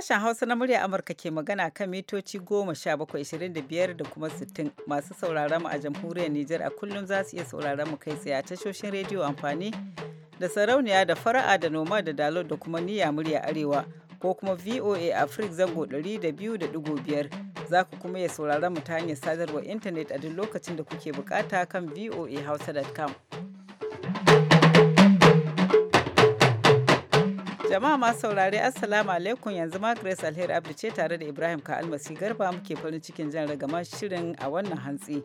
Sashen Hausa na murya Amurka ke magana kan mitoci goma sha 17,25 da kuma sittin masu sauraron mu a jamhuriyar Nijar a kullum za su iya sauraron mu kai tsaye a tashoshin rediyo amfani da sarauniya da fara'a da noma da dalo da kuma niyya murya arewa ko kuma VOA Africa zango ɗari da da biyu 200.5 za ku kuma iya sauraron mu ta hanyar sadarwar intanet a duk lokacin da kuke bukata kan voa hausa.com. Jama'a masu saurare Assalamu alaikum yanzu ma Grace Alheri Abdu ce tare da Ibrahim Ka Almasi Garba muke farin cikin jan ragama shirin a wannan hantsi.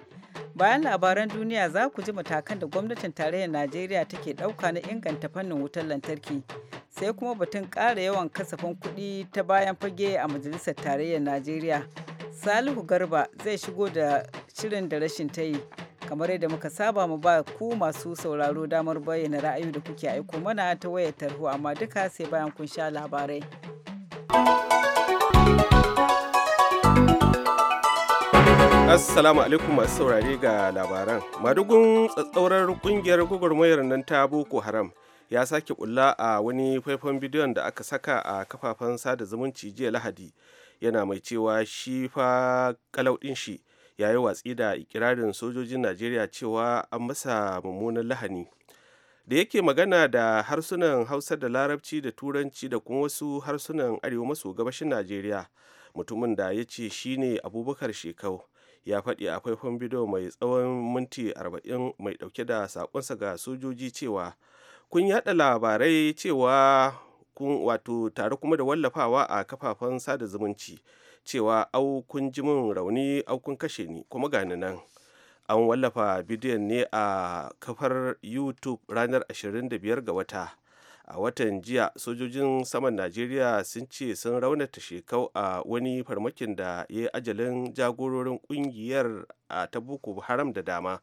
Bayan labaran duniya za ku ji matakan da gwamnatin tarayyar Najeriya take ɗauka na inganta fannin wutar lantarki. Sai kuma batun kara yawan kasafin kuɗi ta bayan fage a Majalisar Tarayyar Najeriya. Salihu Garba zai shigo da shirin da rashin ta yi. kamar yadda muka saba mu ba ku masu sauraro damar bayyana ra'ayi da kuke aiko mana ta wayar tarho amma duka sai bayan kun sha labarai. Assalamu alaikum masu saurare ga labaran. Madugun tsatsaurar kungiyar gwagwarmayar nan ta Boko Haram ya sake kulla a wani faifan bidiyon da aka saka a kafafen sada zumunci jiya Lahadi. Yana mai cewa shi fa din shi ya yi watsi da ikirarin sojojin najeriya cewa an masa mummunan lahani da yake magana da harsunan hausa da larabci da turanci da kuma wasu harsunan arewa maso gabashin najeriya mutumin da ya ce shine abubakar shekau ya faɗi a faifan bidiyo mai tsawon minti 40 mai ɗauke da saƙonsa ga sojoji cewa kun yaɗa labarai cewa kun wato tare kuma da wallafawa a kafafen sada zumunci cewa au kun ji min rauni au kun kashe ni kuma gani nan an wallafa bidiyon ne a kafar youtube ranar 25 ga wata a watan jiya sojojin saman najeriya sun ce sun raunata shekau a wani farmakin da ya yi ajalin jagororin kungiyar a ta boko haram da dama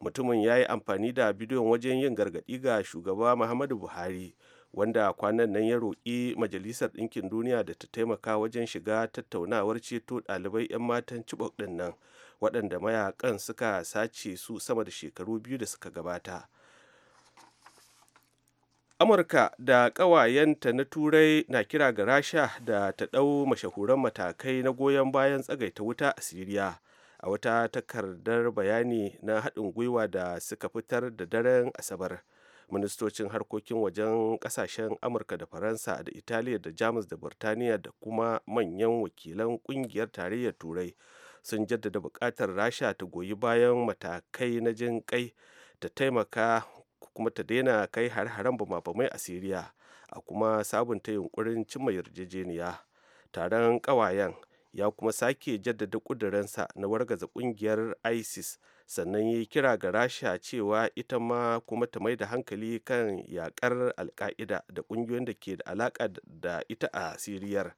mutumin ya yi amfani da bidiyon wajen yin gargaɗi ga shugaba muhammadu buhari wanda kwanan nan ya roƙi majalisar ɗinkin duniya da ta taimaka wajen shiga tattaunawar ceto ɗalibai 'yan matan cibok ɗin nan waɗanda mayakan suka sace su sama da shekaru biyu da suka gabata amurka da ƙawayenta na turai na kira ga rasha da ta ɗau mashahuran matakai na goyon bayan tsagaita wuta a siriya a wata takardar bayani na haɗin gwiwa da suka fitar da daren asabar. ministocin harkokin wajen kasashen amurka da faransa da italiya da jamus da Birtaniya da kuma manyan wakilan kungiyar tarayyar turai sun jaddada buƙatar rasha ta goyi bayan matakai na jin kai ta taimaka kuma ta daina kai har-haren bama-bamai a siriya a kuma sabunta yunkurin cimma yarjejeniya taron ƙawayen ya kuma sake jaddada kudurinsa na wargaza ƙungiyar isis sannan ya yi kira ga rasha cewa ita ma kuma ta mai da hankali kan yakar alka'ida da ƙungiyoyin da ke da alaƙa da ita a siriyar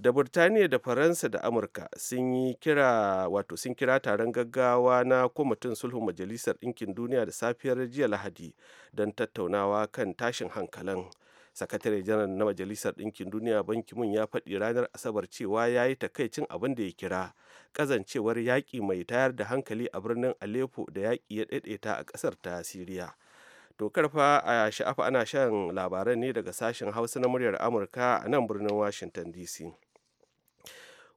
da burtaniya da faransa da amurka sun yi kira wato sun kira taron gaggawa na kwamitin sulhun majalisar ɗinkin duniya da safiyar jiya lahadi don tattaunawa kan tashin hankalin sakatare janar na majalisar ɗinkin duniya banki mun ya faɗi ranar asabar cewa ya yi takaicin abin da ya kira kazancewar yaƙi mai tayar da hankali a birnin aleppo da yaƙi ya ɗaiɗaita a ƙasar ta siriya to karfa a sha'afa ana shan labaran ne daga sashen hausa na muryar amurka a nan birnin washington dc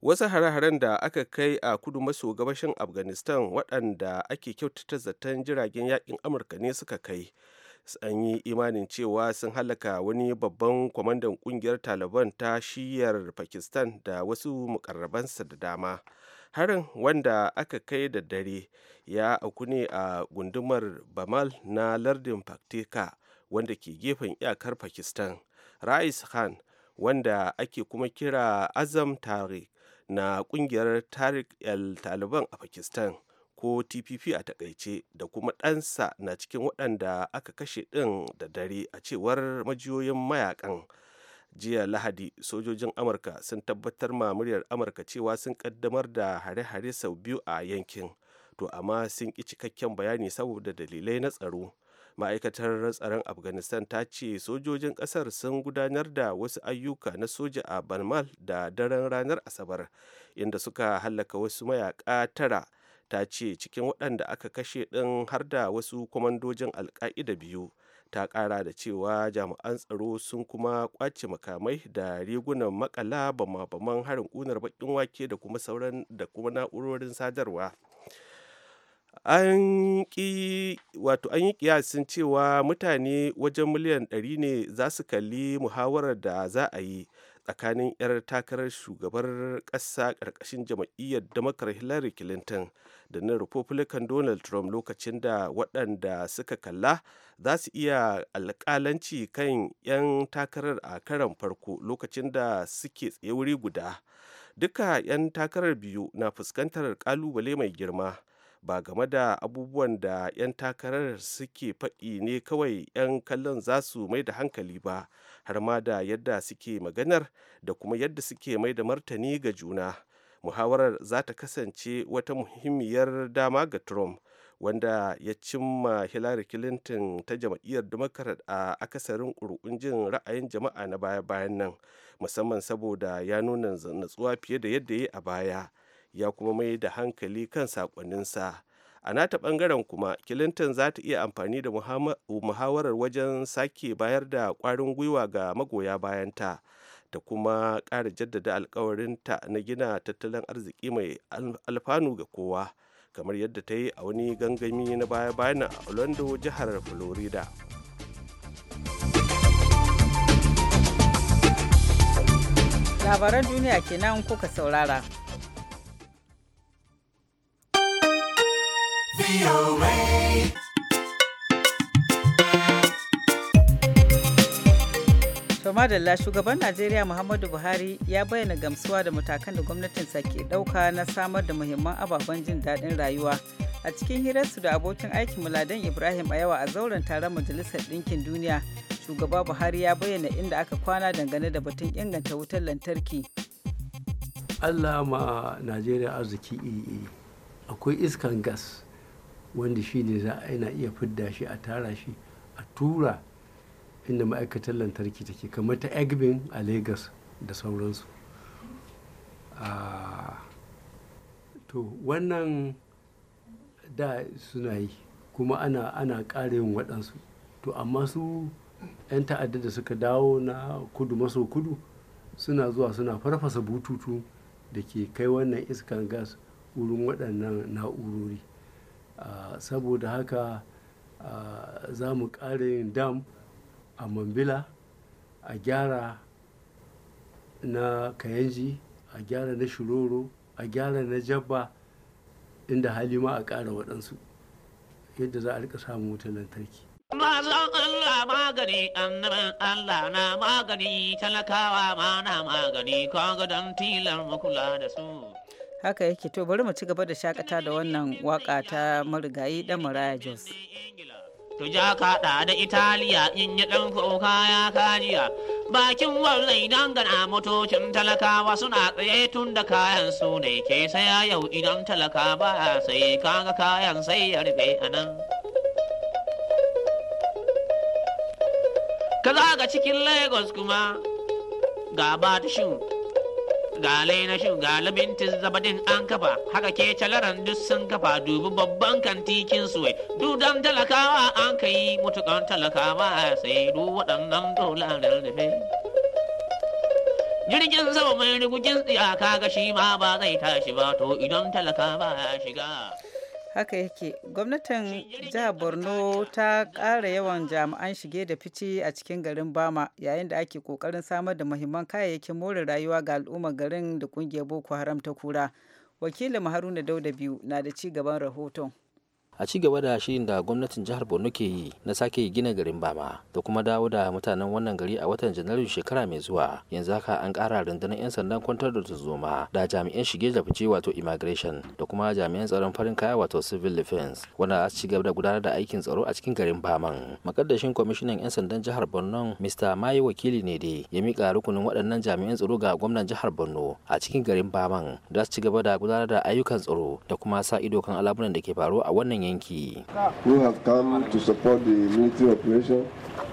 wasu hare-haren da aka kai a kudu maso gabashin afghanistan waɗanda ake kyautata zaton jiragen yaƙin amurka ne suka kai an yi imanin cewa sun halaka wani babban kwamandan kungiyar taliban ta shiyar pakistan da wasu mukarrabansa da dama harin wanda aka kai da dare ya auku ne a gundumar bamal na lardin paktika wanda ke gefen iyakar pakistan rais khan wanda ake kuma kira azam tariq na kungiyar tariq el taliban a pakistan ko tpp a takaice da kuma ɗansa na cikin waɗanda aka kashe ɗin da dare a cewar majiyoyin mayakan jiya lahadi sojojin amurka sun tabbatar ma muryar amurka cewa sun ƙaddamar da hare-hare sau biyu a yankin to amma sun ƙi cikakken bayani saboda dalilai na tsaro ma'aikatar tsaron afghanistan ta ce sojojin ƙasar sun gudanar da wasu ayyuka na soja a banmal da daren ranar asabar inda suka hallaka wasu mayaka tara ta ce cikin waɗanda aka kashe ɗin har da wasu kwamandojin alka'ida biyu ta ƙara da cewa jami'an tsaro sun kuma ƙwace makamai da rigunan makala bama-baman harin ƙunar baƙin wake da kuma sauran da kuma na'urorin sadarwa an yi kiyasin cewa mutane wajen miliyan 100 ne za su kalli muhawarar da za a yi tsakanin 'yar takarar shugabar ƙasa ƙarƙashin jam'iyyar damakar hillary clinton da na republican donald trump lokacin da waɗanda suka kalla za su iya alƙalanci kan 'yan takarar a karan farko lokacin da suke tsaye wuri guda duka 'yan takarar biyu na fuskantar kalubale mai girma ba game da abubuwan da 'yan takarar suke faɗi ne kawai 'yan kallon za su mai da hankali ba har ma da yadda suke maganar da kuma yadda suke mai da martani ga juna muhawarar za ta kasance wata muhimmiyar dama ga trump wanda ya cimma hillary clinton ta jam'iyyar democrat a akasarin ƙuri'un jin ra'ayin jama'a na baya-bayan nan musamman saboda ya nuna natsuwa fiye da yadda ya a baya ya kuma mai da hankali kan sakoninsa a nata bangaren kuma clinton za ta iya amfani da muhawarar wajen sake bayar da kwarin gwiwa ga magoya bayanta da kuma ƙara jaddada alkawarinta na gina tattalin arziki mai alfanu ga kowa kamar yadda ta yi a wani gangami na baya-bayan a orlando jihar florida labaran duniya kenan kuka saurara VOA. madalla shugaban najeriya muhammadu buhari ya bayyana gamsuwa da matakan da gwamnatinsa ke dauka na samar da muhimman ababen jin daɗin rayuwa a cikin hirarsu da abokin aikin muladan ibrahim a yawa a zauren taron majalisar ɗinkin duniya shugaba buhari ya bayyana inda aka kwana dangane da batun inganta wutar lantarki allah ma najeriya arziki iri akwai iskan gas wanda shi ne za a iya fidda shi a tara shi a tura inda ma'aikatar lantarki take kamar ta egbin a lagos da sauransu ah, to wannan da suna yi kuma ana ana ƙara yin waɗansu to amma su 'yan ta'adda da suka dawo na kudu maso kudu suna zuwa suna farfasa bututu da ke kai wannan iskan gas wurin waɗannan na'urori ah, saboda haka ah, za mu ƙara yin dam a mambila a gyara na kayanji a gyara na shiroro a gyara na jabba inda hali a ƙara waɗansu yadda za a rika samun wutar lantarki na magani, talakawa ma magani, kaga don tilar kula da Haka yake to bari mu ci gaba da shakata da wannan waka ta marigayi dan Maraya Jos. tuja kaɗa da italiya in yi ɗan kuka ya kajiya bakin wallai gana motocin talakawa suna tsaye tun da kayan su ne ke saya yau idan talaka ba sai kaga kayan sai ya rufe anan. nan ga cikin lagos kuma ga batashin ga laina shin ga labintin zabadin an kafa haka ke calaran duk sun kafa dubi babban kantikin duk dudan talakawa an ka yi mutukan talakawa sai du waɗannan dolarar da jirgin sama mai rigugin tsiyaka ga shi ma ba zai tashi ba to idan talakawa ya shiga haka yake gwamnatin jihar borno ta ƙara yawan jami'an shige da fice a cikin garin bama yayin da ake ƙoƙarin samar da mahimman kayayyakin more rayuwa ga al'ummar garin da ƙungiyar boko haram ta kura wakilin haruna dauda biyu na da ci gaban rahoton a ci gaba da shirin da gwamnatin jihar borno ke yi na sake gina garin bama da kuma dawo da mutanen wannan gari a watan janairun shekara mai zuwa yanzu haka an kara rundunar yan sandan kwantar da tuzoma da jami'an shige da fice wato immigration da kuma jami'an tsaron farin kaya wato civil defense wanda a ci gaba da gudanar da aikin tsaro a cikin garin baman makaddashin kwamishinan yan sandan jihar borno mr maye wakili ne dai ya mika rukunin waɗannan jami'an tsaro ga gwamnan jihar borno a cikin garin baman da su ci gaba da gudanar da ayyukan tsaro da kuma sa ido kan al'amuran da ke faruwa a wannan yanki We have come to support the military operation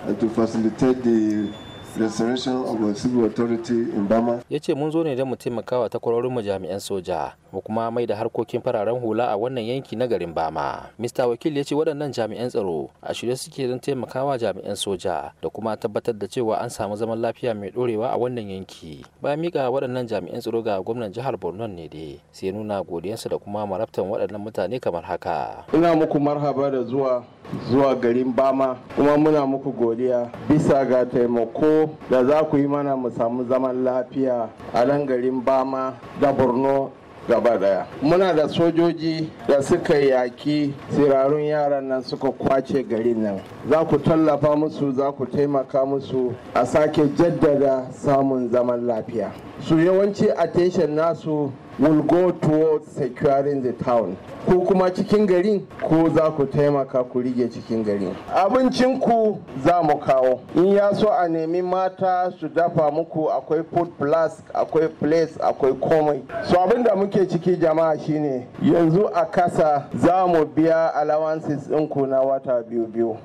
and to facilitate the restoration of the civil authority in bama Ya ce mun zo ne don mu taimaka wa mu jami'an soja mu kuma mai da harkokin fararen hula a wannan yanki na garin Bama. Mr. Wakil ya ce waɗannan jami'an tsaro a shirye suke don taimakawa jami'an soja da kuma tabbatar da cewa an samu zaman lafiya mai ɗorewa a wannan yanki. Bayan miƙa waɗannan jami'an tsaro ga gwamnan jihar Borno ne dai sai nuna godiyarsa da kuma marabtan waɗannan mutane kamar haka. Ina muku marhaba da zuwa zuwa garin Bama kuma muna muku godiya bisa ga taimako da za ku yi mana mu samu zaman lafiya a nan garin Bama da Borno gaba daya muna da sojoji da suka yaki sirarun yaran nan suka kwace garin nan za ku tallafa musu za ku taimaka musu a sake jaddada samun zaman lafiya su yawanci attention nasu will go towards securing the town ko kuma cikin gari? ko za ku taimaka ku rige cikin garin abincinku za mu kawo in ya so a nemi mata su dafa muku akwai food flask akwai place akwai komai so abin da muke ciki jama'a shine yanzu a kasa za mu biya allowances ɗinku na wata biyu biyu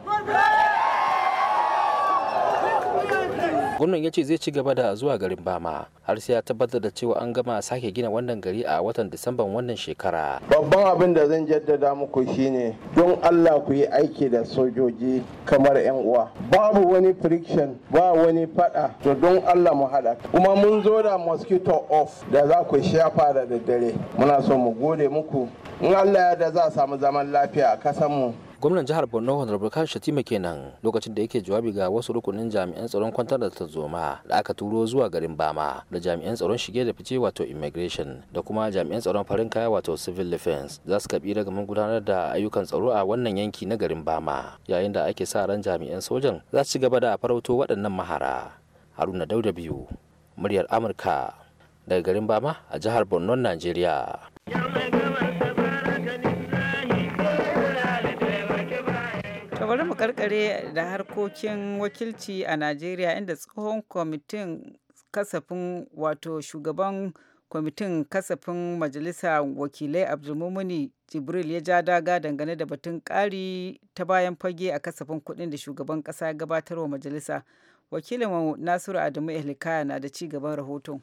gwamnan ya ce zai ci gaba da zuwa garin bama har sai ya tabbatar da cewa an gama sake gina wannan gari a watan disamban wannan shekara babban abin da zan jaddada muku shine don allah ku yi aiki da sojoji kamar yan uwa babu wani friction ba wani fada to don allah mu hada kuma mun zo da mosquito off da za ku shafa da daddare muna so mu gode muku in allah ya da za a samu zaman lafiya a kasanmu gwamnan jihar borno honorable kan shatima kenan lokacin da yake jawabi ga wasu rukunin jami'an tsaron kwantar da tarzoma da aka turo zuwa garin bama da jami'an tsaron shige da fice wato immigration da kuma jami'an tsaron farin kaya wato civil defense za su kabi daga mun gudanar da ayyukan tsaro a wannan yanki na garin bama yayin da ake sa ran jami'an sojan za su ci gaba da farauto waɗannan mahara haruna dauda biyu muryar amurka daga garin bama a jihar borno najeriya karkare da harkokin wakilci a Najeriya inda tsohon kwamitin kasafin wato shugaban kwamitin kasafin majalisa wakilai abdulmumuni jibril ya ja daga dangane da batun ƙari ta bayan fage a kasafin kuɗin da shugaban ƙasa gabatarwa majalisa wakilin nasiru adamu elikaya na da ci gaban rahoton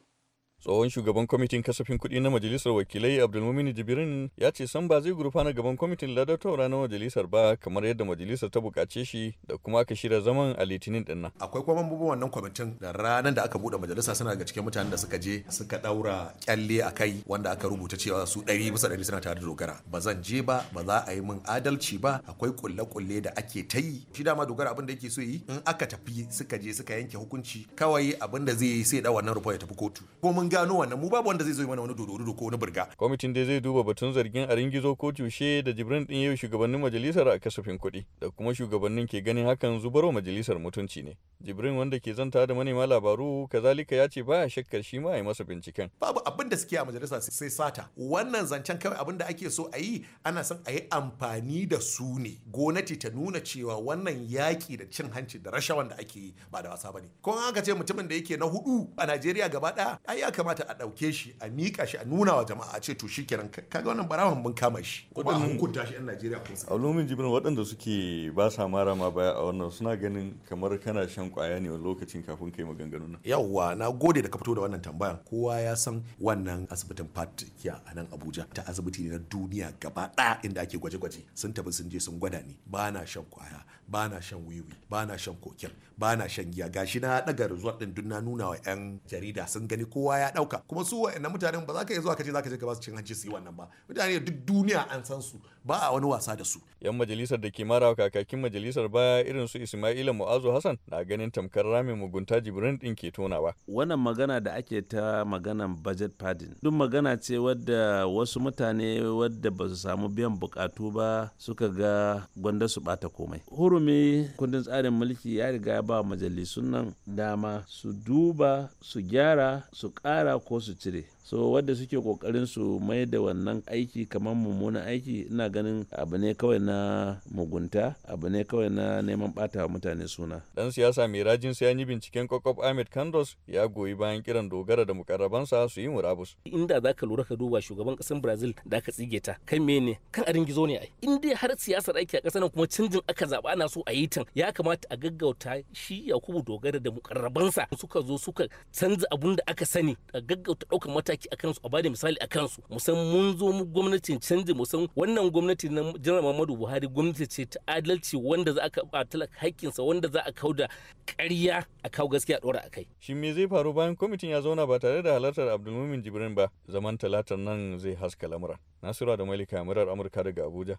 tsohon shugaban kwamitin kasafin kuɗi na majalisar wakilai abdulmumin jibirin ya ce san ba zai gurfana gaban kwamitin ladatowar na majalisar ba kamar yadda majalisar ta buƙace shi da kuma aka shirya zaman a litinin din nan akwai kuma mambobin wannan kwamitin da ranar da aka buɗe majalisa suna daga cikin mutanen da suka je suka ɗaura kyalle a kai wanda aka rubuta cewa su ɗari bisa ɗari suna tare da dogara ba zan je ba ba za a yi min adalci ba akwai kulle-kulle da ake ta yi shi dama dogara abin da yake so yi in aka tafi suka je suka yanke hukunci kawai abin da zai yi sai da wannan rufa ya tafi kotu ko gano wannan mu babu wanda zai zo mana wani dodo ko wani burga kwamitin dai zai duba batun zargin a ringizo ko cushe da jibrin din yau shugabannin majalisar a kasafin kuɗi da kuma shugabannin ke ganin hakan zubarwa majalisar mutunci ne jibrin wanda ke zanta da manema labaru kazalika ya ce baya shakkar shi ma ya masa binciken babu abin da suke a majalisa sai sata wannan zancen kawai abin da ake so a yi ana son a yi amfani da su ne gonati ta nuna cewa wannan yaƙi da cin hanci da rashawan da ake yi ba da wasa ba ne ko an ce mutumin da yake na hudu a najeriya gaba ɗaya kamata a ɗauke shi a miƙa shi a nuna wa jama'a a ce to shi kenan kaga wannan barawan mun kama shi kuma a hukunta shi 'yan Najeriya ko sai Alumin Jibrin waɗanda suke ba sa mara ma baya a wannan suna ganin kamar kana shan kwaya ne wani lokacin kafin kai maganganu na. Yawwa na gode da ka fito da wannan tambayan kowa ya san wannan asibitin Fatikiya a nan Abuja ta asibiti ne na duniya gaba ɗaya inda ake gwaje-gwaje sun tafi sun je sun gwada ni ba na shan kwaya ba na shan wiwi ba na shan kokin ba na shan giya gashi na daga resort din duk na nuna wa yan jarida sun gani kowa ya dauka kuma su wa'annan mutanen ba za ka iya zuwa ka ce za ka je ka ba su cin hanci su yi wannan ba mutane duk duniya an san su ba a wani wasa da su yan majalisar da ke marawa kakakin majalisar baya irin su ismaila mu'azu hassan na ganin tamkar rami mugunta jibrin din ke tonawa wannan magana da ake ta maganan budget padding duk magana ce wadda wasu mutane wadda ba su samu biyan bukatu ba suka ga gwanda su bata komai hurumi kundin tsarin mulki ya riga ba majalisun nan dama su duba su gyara su kara ko su cire so wadda suke kokarin su mai da wannan aiki kamar mummunan aiki ina ganin abu ne kawai na mugunta abu ne kawai na neman bata wa mutane suna dan siyasa mai rajin sai yi binciken kokop ahmed kandos ya goyi bayan kiran dogara da mukarrabansa su yi murabus inda zaka lura ka duba shugaban kasan brazil da aka tsige ta kan mene kan arin gizo ne ai in dai har siyasar aiki a kasar kuma canjin aka zaba ana so a yi tan ya kamata a gaggauta shi yakubu dogara da mukarrabansa suka zo suka canza abun da aka sani a gaggauta daukar mataki mataki a kansu a bada misali a kansu musan mun zo mu gwamnatin canji musan wannan gwamnati na jiran Muhammadu Buhari gwamnati ce ta adalci wanda za a batala haƙƙinsa wanda za a da ƙarya a kawo gaskiya ɗora a kai. Shi me zai faru bayan kwamitin ya zauna ba tare da halartar Abdulmumin Jibrin ba zaman talatar nan zai haska lamura. nasiru da Malika murar Amurka daga Abuja.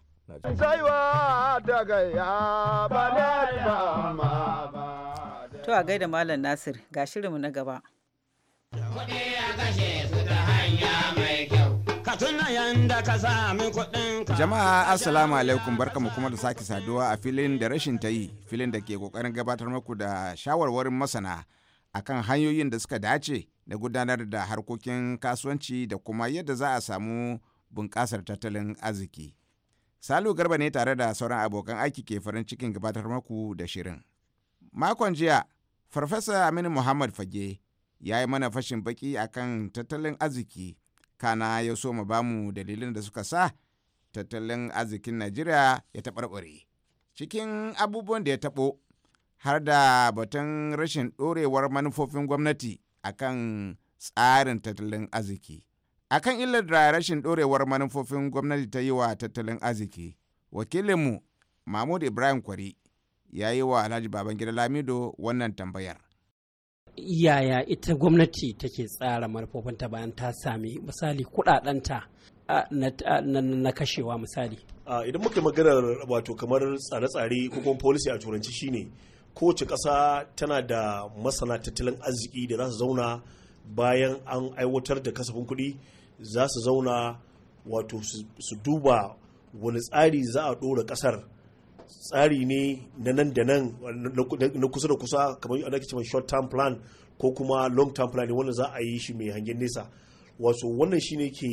Saiwa daga ya ba To a gaida Malam Nasir ga shirinmu na gaba. Jama'a Assalamu alaikum barkamu kuma da sake saduwa a filin da rashin ta yi filin da ke kokarin gabatar maku da shawarwarin masana a kan hanyoyin da suka dace da gudanar da harkokin kasuwanci da kuma yadda za a samu bunƙasar tattalin arziki. Salu Garba ne tare da sauran abokan aiki ke farin cikin gabatar maku da shirin. Makon jiya, Farfesa Aminu Muhammad Fage ya yi mana fashin baki akan tattalin arziki kana ya so mu bamu dalilin da suka sa tattalin arzikin najeriya ya taɓarɓare cikin abubuwan da ya taɓo har da batun rashin ɗorewar manufofin gwamnati akan tsarin tattalin arziki akan illar da rashin ɗorewar manufofin gwamnati ta yi wa tattalin arziki wakilinmu mahmud ibrahim kwari ya yi wa alhaji babangida lamido wannan tambayar yaya ita gwamnati take tsara manufofinta bayan ta sami misali kudadanta na kashewa misali idan muka maganar wato kamar tsare-tsare ko kuma policy a turanci shine kowace ƙasa tana da masana tattalin arziki da za su zauna bayan an aiwatar da kasafin kuɗi za su zauna wato su duba wani tsari za a ɗora ƙasar tsari ne na nan da nan na kusa da kusa kamar yadda ake cewa short term plan ko kuma long term plan ne wanda za a yi shi mai hangen nesa wato wannan shine ke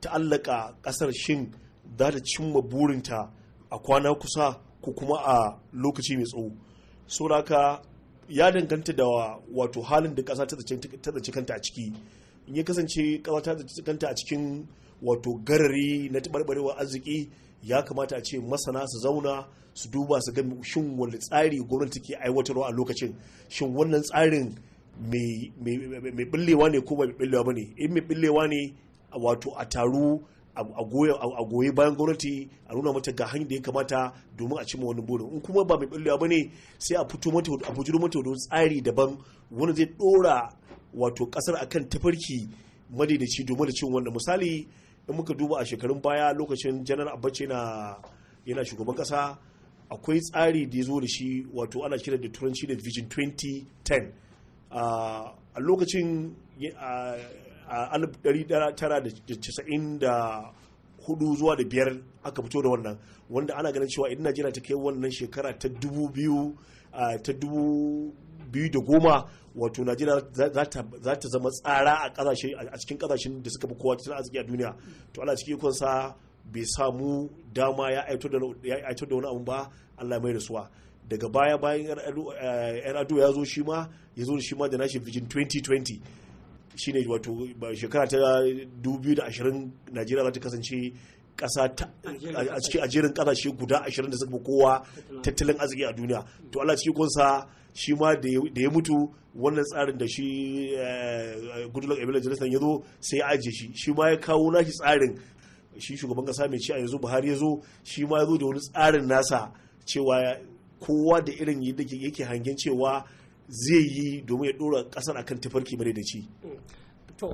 ta'allaka kasar shin za ta cimma burinta a kwana kusa ko kuma a lokaci mai tsawo sauraka ya danganta da wato halin da kasa ta tsaci kanta a ciki in ya kasance kasa ta tsaci kanta a cikin wato garari na taɓarɓarewar arziki ya kamata a ce masana su zauna su duba su ga shin wani tsari gwamnati ke aiwatarwa a lokacin shin wannan tsarin mai billewa ne ko mai billewa ba ne in mai billewa ne wato a taru a goye bayan gwamnati a nuna mata ga hanyar da ya kamata domin a cimma wani burin in kuma ba mai billewa ba ne sai a fito mata wani tsari daban wani zai dora wato kasar akan tafarki madaidaci domin da cin wannan misali in muka duba a shekarun baya lokacin janar abace na yana shugaban kasa akwai tsari da ya zo da shi wato ana kira da turanci da vision 2010 a lokacin a 1994 zuwa da biyar aka fito da wannan wanda ana ganin cewa idan najeriya ta kai wannan shekara ta dubu biyu ta dubu da goma wato najeriya za ta zama tsara a cikin kasashen da suka fi kowa tattalin arziki a duniya to ana cikin ikon sa bai samu dama ya aito da wani abu ba allah mai rasuwa daga baya bayan yan ado ya zo shi ma ya zo shi ma da nashi vision 2020 shine wato shekara ta 2020 najeriya za ta kasance kasa a cikin ajerin kasashe guda 20 da suka fi kowa tattalin arziki a duniya to Allah cikin kunsa shi ma da ya mutu wannan tsarin da shi eh, goodluck ebele jonathan ya zo sai ya ajiye shi shi ma ya kawo nashi tsarin shi shugaban kasa mai ci a yanzu buhari ya zo shi ma ya zo da wani tsarin nasa cewa kowa da irin yadda yake hangen cewa zai yi domin ya dora kasar akan tafarki da to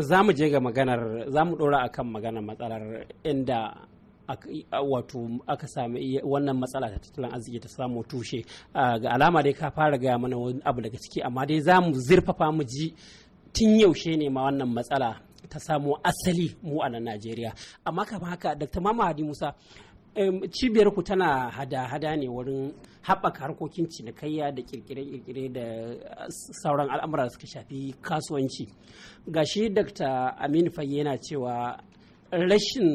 za mu je ga maganar za mu dora akan maganar matsalar inda wato aka sami wannan matsala ta tattalin arziki ta samu tushe ga alama dai ka fara gaya mana wani abu daga ciki amma dai za mu zurfafa mu ji tun yaushe ne ma wannan matsala ta samu asali mu a nan Najeriya amma kafin haka Dr. Mama Musa cibiyar ku tana hada-hada ne wurin haɓaka harkokin cinikayya da kirkire-kirkire da sauran al'amura da suka shafi kasuwanci gashi dr aminu fage yana cewa rashin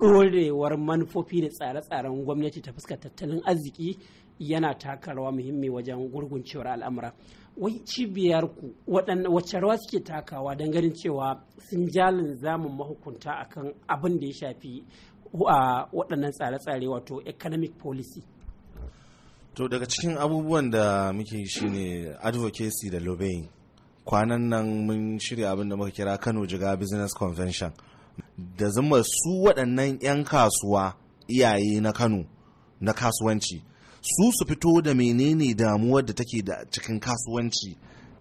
ɗorewar manufofi da tsare-tsaren gwamnati ta fuskar tattalin arziki yana takarwa muhimmi wajen gurguncewar al'amura wai cibiyar ku wacce rawa suke takawa don ganin cewa sun jalin zamun mahukunta akan abin da ya shafi a waɗannan tsare-tsare wato economic policy to daga cikin abubuwan da muke shine advocacy da lobbying kwanan nan mun shirya abin da muka kira kano jiga business convention da zama su waɗannan 'yan kasuwa iyaye na kano na kasuwanci su su fito da menene damuwar da take da cikin kasuwanci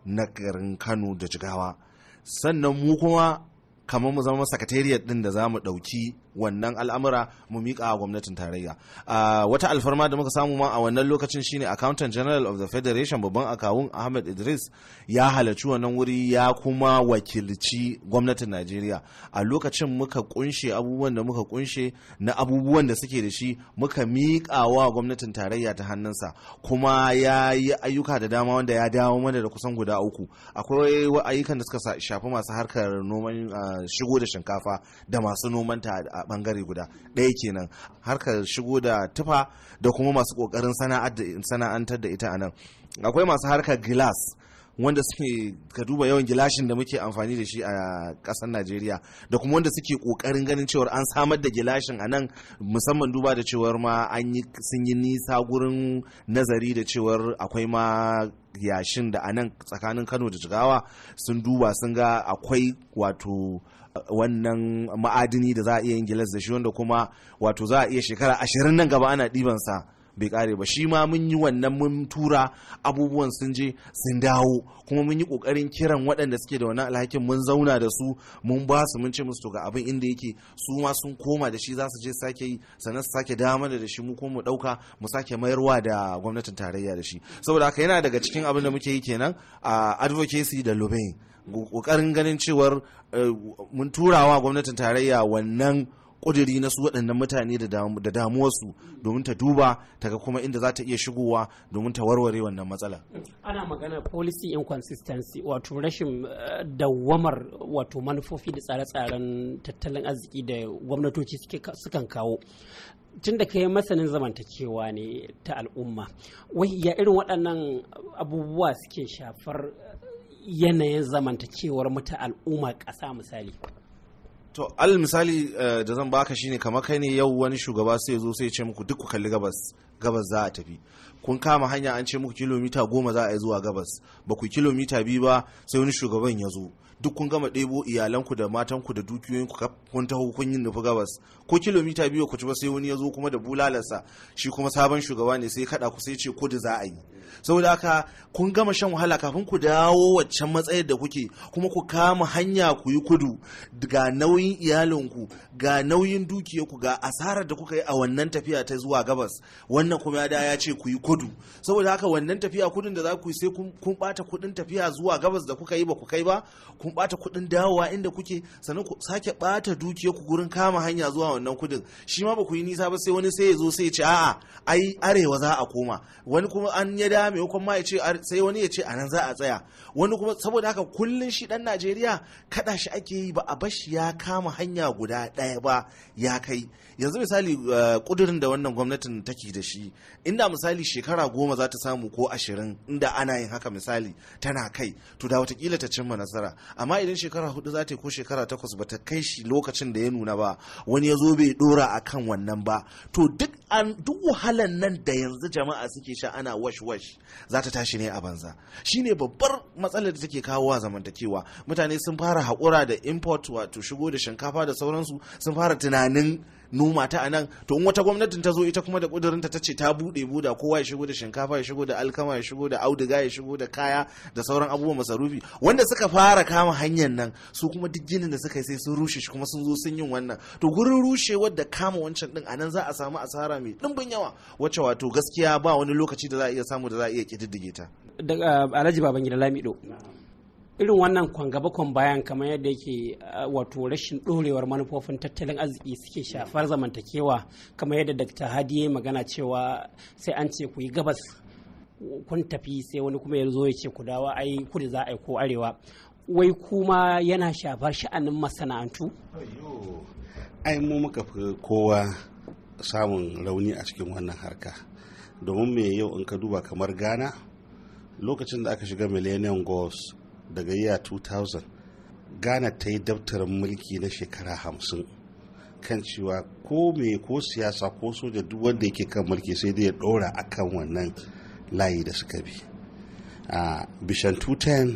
na garin kano da jigawa sannan mu kuma kamar mu zama sakatariyar din da za mu ɗauki wannan al'amura mu miƙa gwamnatin tarayya wata alfarma da muka samu ma a wannan lokacin shine accountant general of the federation babban akawun ahmed idris ya halarci wannan wuri ya kuma wakilci gwamnatin najeriya a lokacin muka kunshe abubuwan da muka kunshe na abubuwan da suke da shi muka miƙa wa gwamnatin tarayya ta hannunsa kuma ya yi ayyuka da dama wanda ya dawo mana da kusan guda uku akwai ayyukan da suka shafi masu harkar noman shigo da shinkafa da masu noman ta bangare guda ɗaya kenan harkar shigo da tufa da kuma masu kokarin sana'antar da ita a nan akwai masu harkar gilas wanda suke ka duba yawan gilashin da muke amfani da shi a kasar najeriya da kuma wanda suke kokarin ganin cewar an samar da gilashin a nan musamman duba da cewar ma an yi sun yi nisa gurin nazari da cewar akwai ma yashin da a nan tsakanin kano da jigawa sun duba sun ga akwai wato wannan ma'adini da za a iya yin gilas da shi wanda kuma wato za a iya shekara ashirin nan gaba ana ɗibansa bai kare ba shi ma mun yi wannan mun tura abubuwan sun je sun dawo kuma mun yi kokarin kiran waɗanda suke da wannan alhakin mun zauna da su mun ba su mun ce musu to ga abin inda yake su ma sun koma da shi za su je sake yi sannan su sake dama da shi mu ko mu ɗauka mu sake mayarwa da gwamnatin tarayya da shi saboda haka yana daga cikin abin da muke yi kenan a advocacy da lobbying kokarin ganin cewar eh, mun turawa gwamnatin tarayya wannan kuduri na su waɗannan mutane da damuwarsu domin ta duba ta ga kuma inda za ta iya shigowa domin ta warware wannan matsala. Ana magana policy inconsistency wato rashin eh, dawwamar wato manufofi da tsare-tsaren tattalin arziki da gwamnatoci sukan kawo. Tun da kai masanin zamantakewa ne ta al'umma, wai ya irin waɗannan abubuwa suke shafar yanayin zamantakewar mutu al'umma kasa misali to al misali eh, da zan baka shine kamar kai ne yau wani shugaba sai zo sai ce muku duk ku kalli gabas gabas za a tafi kun kama hanya an ce muku kilomita goma za a yi zuwa gabas ba ku kilomita biyu ba sai wani shugaban ya zo duk kun gama ɗebo iyalanku da matanku da dukiyoyinku kun taho kun yi nufi gabas ko kilomita biyu ku ci ba sai wani ya zo kuma da bulalarsa shi kuma sabon shugaba ne sai kaɗa ku sai ce da za a yi saboda haka kun gama shan wahala kafin ku dawo waccan matsayar da kuke kuma ku kama hanya ku yi kudu ga nauyin iyalinku ga nauyin dukiyarku ga asarar da kuka yi a wannan tafiya ta zuwa gabas wannan kuma da ya ce ku yi kudu saboda haka wannan tafiya kudin da za ku yi sai kun bata kudin tafiya zuwa gabas da kuka yi ba ku kai ba kun bata kudin dawowa inda kuke sannan ku sake bata dukiyarku gurin kama hanya zuwa wannan kudin shi ma ba ku yi nisa ba sai wani sai ya zo sai ya ce a'a ai arewa za a koma wani kuma an ya tsaya maimakon ma ya ce sai wani ya ce a nan za a tsaya wani kuma saboda haka kullun shi dan najeriya kada shi ake yi ba a bashi ya kama hanya guda ɗaya ba ya kai yanzu misali kudurin eh, da wannan gwamnatin take da shi inda misali shekara goma za ta samu ko ashirin inda ana yin haka misali tana kai to da watakila ta cimma nasara amma idan shekara hudu za ta ko shekara takwas ba ta kai shi lokacin da ya nuna ba wani ya zo bai dora akan wannan ba to duk an duk wahalan nan da yanzu jama'a suke sha ana wash wash za ta tashi ne a banza shine babbar matsalar da take kawo wa zamantakewa mutane sun fara haƙura da import wato shigo da shinkafa da sauransu sun fara tunanin noma ta anan to in wata gwamnatin ta zo ita kuma da kudurinta ta ce ta bude buda kowa ya shigo da shinkafa ya shigo da alkama ya shigo da auduga ya shigo da kaya da sauran abubuwan masarufi wanda suka fara kama hanyar nan su kuma duk ginin da suka yi sai sun rushe shi kuma sun zo sun yi wannan to gurin rushewar da kama wancan din anan za a samu asara mai dimbin yawa wacce wato gaskiya ba wani lokaci da za a iya samu da za a iya kididdige ta daga alhaji babangida lamido irin wannan kwangaba kwan bayan kamar yadda yake uh, wato rashin ɗorewar manufofin tattalin arziki suke shafar zamantakewa kamar yadda dr hadi ya magana cewa sai an ce ku yi gabas kun tafi sai wani kuma ya zo ya ce ku dawa ai kudu za a yi ko arewa wai kuma yana shafar sha'anin masana'antu ai mu muka fi kowa samun rauni a cikin wannan harka domin me yau in ka duba kamar ghana lokacin da aka shiga millennium goals daga yiya 2000 ghana ta yi daftarin mulki na shekara hamsin kan cewa ko me ko siyasa ko soja duk wanda yake kan mulki sai dai ya dora akan wannan layi da suka bi a bishan 2010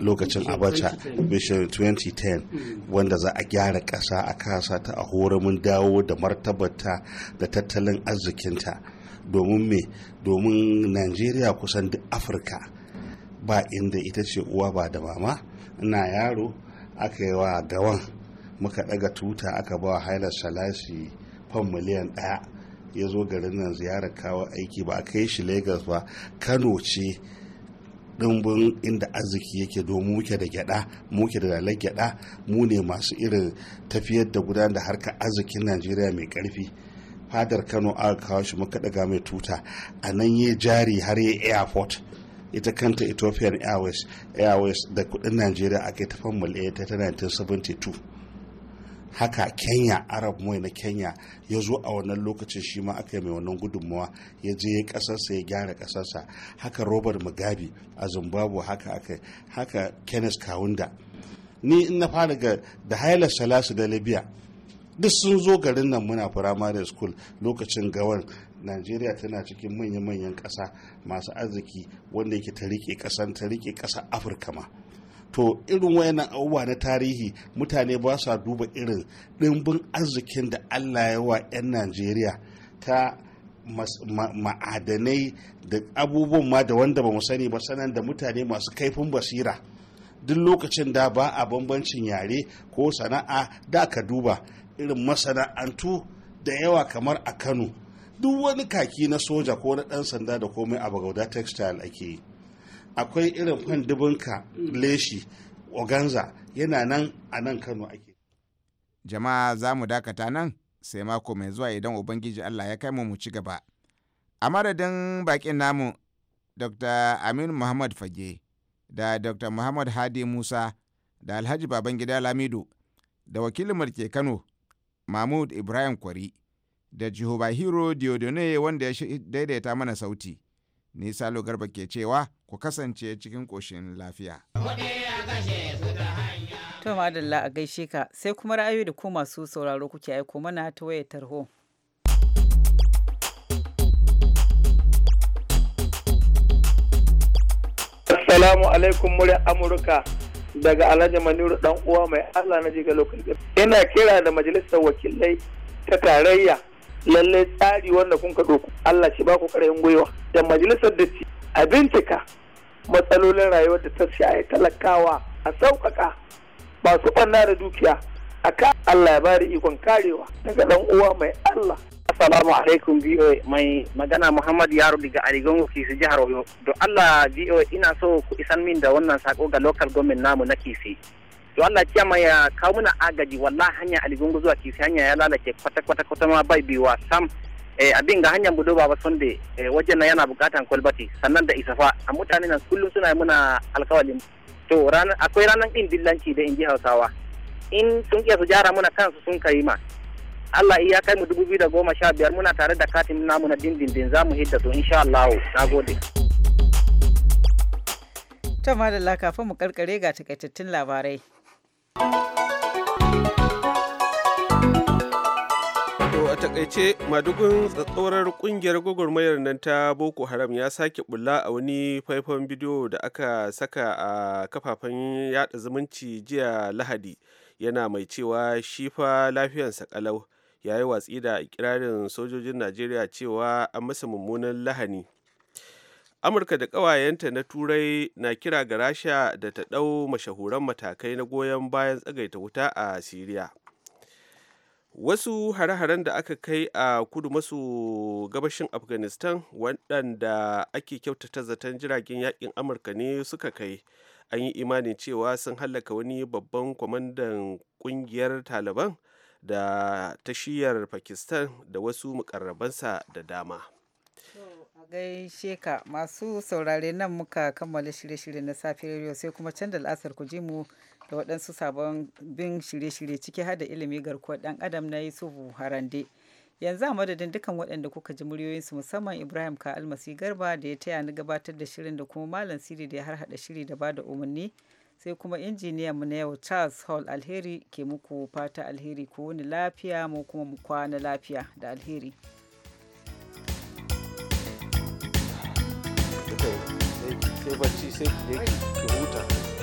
lokacin abacha bishan 2010 mm. wanda za a gyara ƙasa a kasa ta a horamin dawo da martabata da tattalin arzikinta domin me domin najeriya kusan duk afirka ba inda ita ce uwa ba da mama ina yaro aka yi wa gawan muka daga tuta aka ba wa hailar shalashi fan miliyan daya ya zo garin nan ziyarar kawo aiki ba a kai shi lagos ba kano ce ɗimbin inda arziki yake domin muke da gyada muke da dalar gyada mu ne masu irin tafiyar da gudanar da harkar arzikin najeriya mai karfi fadar kano aka kawo shi muka daga mai tuta a nan ya jari har ya airport ita kanta ethiopian airways airways da kudin najeriya kai ta formula ta 1972 haka kenya arab mai na kenya ya zo a wannan lokacin shi ma aka yi mai wannan gudunmawa ya je ya kasarsa ya gyara kasarsa haka robert mugabe a zimbabwe haka aka haka kenneth kawunda ni in na fara ga da haila salasu da libya duk sun zo garin nan muna firamare school lokacin gawar. najeriya tana cikin manya-manyan ƙasa masu arziki wanda yake ta rike kasan ta rike ƙasa afirka ma to irin wayannan abubuwa na tarihi mutane ba sa duba irin ɗimbin arzikin da allah ya wa 'yan najeriya ta ma'adanai da abubuwan ma da wanda ba mu sani ba sanan da mutane masu kaifin basira duk lokacin da ba a bambancin yare ko sana'a da ka duba irin masana'antu da yawa kamar a kano duk wani kaki na soja ko na ɗan sanda da komai a bagauda textile ake yi akwai irin kwandubinka leshi oganza yana nan a nan kano ake jama'a za mu dakata nan sai mako mai zuwa idan ubangiji allah ya kai mu ci gaba a madadin bakin namu dr aminu muhammad fage da dr muhammad hadi musa da alhaji babangida lamido da wakilin ke kano mahmud ibrahim kwari da Jehovah Hero Diodone wanda ya daidaita mana sauti. Ni Salo Garba ke cewa ku kasance cikin koshin lafiya. To madalla a gaishe ka sai kuma ra'ayoyi da ku masu sauraro kuke aiko mana ta wayar tarho. Assalamu alaikum muryar Amurka daga Alhaji Maniru dan uwa mai Allah na ji ga lokacin. Ina kira da majalisar wakilai ta tarayya Lallai tsari wanda kun kaɗo Allah shi ba ku ƙarayin gwiwa da majalisar da ci a bincika matsalolin rayuwar da ta shaye talakawa a sauƙaƙa masu ɓanna da dukiya a ka Allah ya bari ikon karewa daga dan uwa mai Allah. Assalamu alaikum BOA mai magana Muhammad Yaro daga Arigon Kisi jihar Oyo. Do Allah BOA ina so ku isan min da wannan sako ga local government namu na Kisi. to Allah ya mai ya kawo mana agaji wallahi hanya aligungu zuwa kisi hanya ya lalace kwata kwata kwata ma bai biwa sam eh, abin ga hanyar budo baba sunde eh, wajen yana bukatan kwalbati sannan da isafa a mutane nan kullum suna muna alkawalin to akwai ranar din dillanci da in ji hausawa in sun iya su jara muna kansu sun kai ma Allah iya kai mu dubu biyu da goma sha biyar muna tare da katin namu na dindindin za mu hidda su insha Allah na gode. Tama da kafin mu karkare ga takaitattun labarai. takaice madugun tsatsorar kungiyar gwagwarmayar nan ta boko haram ya sake bulla a wani faifan bidiyo da aka saka a kafafen yada zumunci jiya lahadi yana mai cewa shifa fa lafiyansa kalau ya yi watsi da ikirarin sojojin najeriya cewa an masa mummunan lahani amurka da ƙawayenta na turai na kira ga rasha da ta ɗau mashahuran matakai na goyon bayan tsagaita wuta a siriya wasu hare-haren da aka kai a kudu maso gabashin afghanistan waɗanda ake kyautata zaton jiragen yakin amurka ne suka kai an yi imanin cewa sun hallaka wani babban kwamandan ƙungiyar taliban da shiyar pakistan da wasu mukarrabansa da dama gaishe ka masu saurare nan muka kammala shirye-shirye na safiyar yau sai kuma can da la'asar ku ji mu da waɗansu sabon bin shirye-shirye ciki har da ilimi garkuwar ɗan adam na yusufu harande yanzu a madadin dukkan waɗanda kuka ji muryoyinsu musamman ibrahim ka almasi garba da ya taya ni gabatar da shirin da kuma malam siri da ya harhaɗa shiri da ba da umarni sai kuma injiniyan mu na yau charles hall alheri ke muku fata alheri ko wani lafiya mu kuma mu kwana lafiya da alheri से बच्ची से एक झूठ है